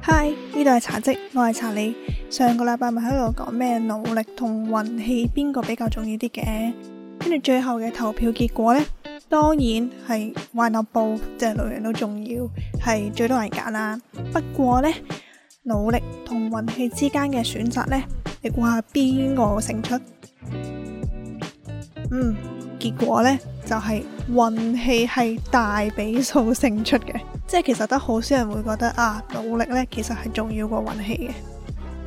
嗨，呢度係茶嘖，我係查理。上個禮拜咪喺度講咩努力同運氣邊個比較重要啲嘅，跟住最後嘅投票結果呢，當然係 why not both，即係兩樣都重要，係最多人揀啦。不過呢，努力同運氣之間嘅選擇呢，你估下邊個勝出？嗯。結果呢，就係運氣係大比數勝出嘅，即係其實得好少人會覺得啊努力呢其實係重要過運氣嘅。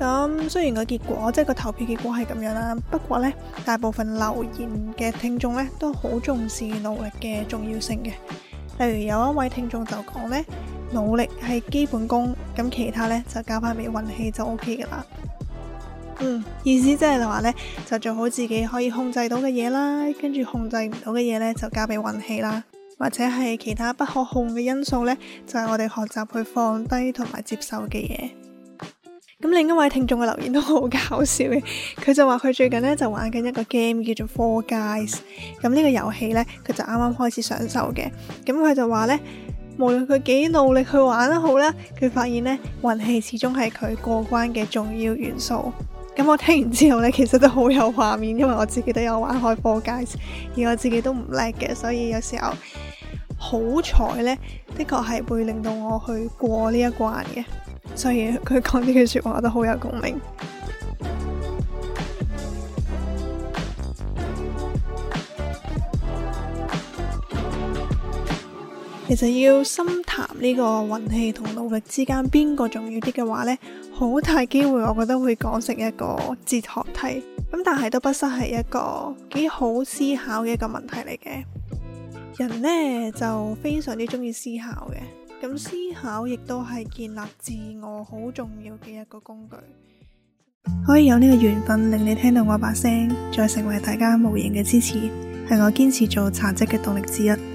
咁、嗯、雖然個結果即係個投票結果係咁樣啦，不過呢，大部分留言嘅聽眾呢都好重視努力嘅重要性嘅。例如有一位聽眾就講呢，努力係基本功，咁其他呢，就交翻俾運氣就 OK 噶啦。嗯，意思即係話呢，就做好自己可以控制到嘅嘢啦，跟住控制唔到嘅嘢呢，就交俾運氣啦，或者係其他不可控嘅因素呢，就係、是、我哋學習去放低同埋接受嘅嘢。咁、嗯、另一位聽眾嘅留言都好搞笑嘅，佢就話佢最近呢，就玩緊一個 game 叫做 Four Guys，咁呢個遊戲呢，佢就啱啱開始上手嘅，咁佢就話呢，無論佢幾努力去玩都好啦，佢發現呢，運氣始終係佢過關嘅重要元素。咁我聽完之後呢，其實都好有畫面，因為我自己都有玩開波街，而我自己都唔叻嘅，所以有時候好彩呢，的確係會令到我去過呢一關嘅，所以佢講呢句說話我都好有共鳴。其實要深談呢個運氣同努力之間邊個重要啲嘅話呢，好大機會我覺得會講成一個哲學題，咁但係都不失係一個幾好思考嘅一個問題嚟嘅。人呢就非常之中意思考嘅，咁思考亦都係建立自我好重要嘅一個工具。可以有呢個緣分令你聽到我把聲，再成為大家無形嘅支持，係我堅持做茶嘖嘅動力之一。